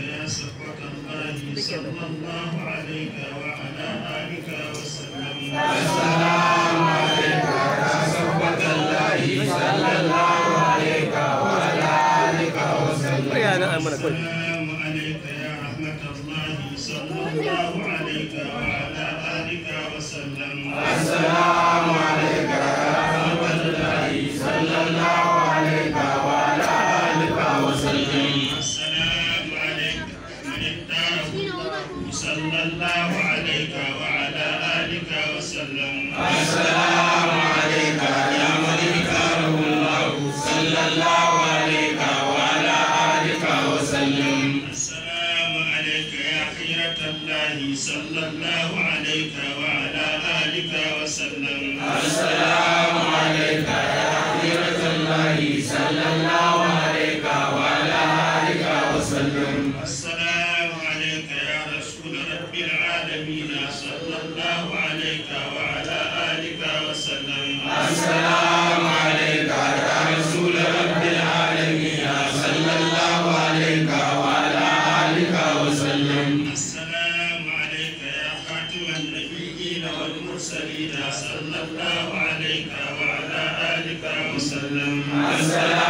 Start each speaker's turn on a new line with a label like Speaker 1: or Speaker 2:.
Speaker 1: السلام عليك يا الله صلى الله عليك وعلى آلك وسلم السلام عليك يا رحمة الله صلى الله عليك وعلى آلك وسلم السلام صلى الله عليك وعلى آلك وسلم السلام عليك يا من اختاره الله صلى الله عليك وعلى آلك وسلم السلام عليك يا خيرة الله صلى الله عليك وعلى آلك وسلم السلام عليك يا خيرة الله صلى الله نبينا صلى الله عليك وعلى آلك وسلم السلام عليك يا رسول رب العالمين صلى الله عليك وعلى آلك وسلم السلام عليك يا خاتم النبيين والمرسلين صلى الله عليك وعلى آلك وسلم السلام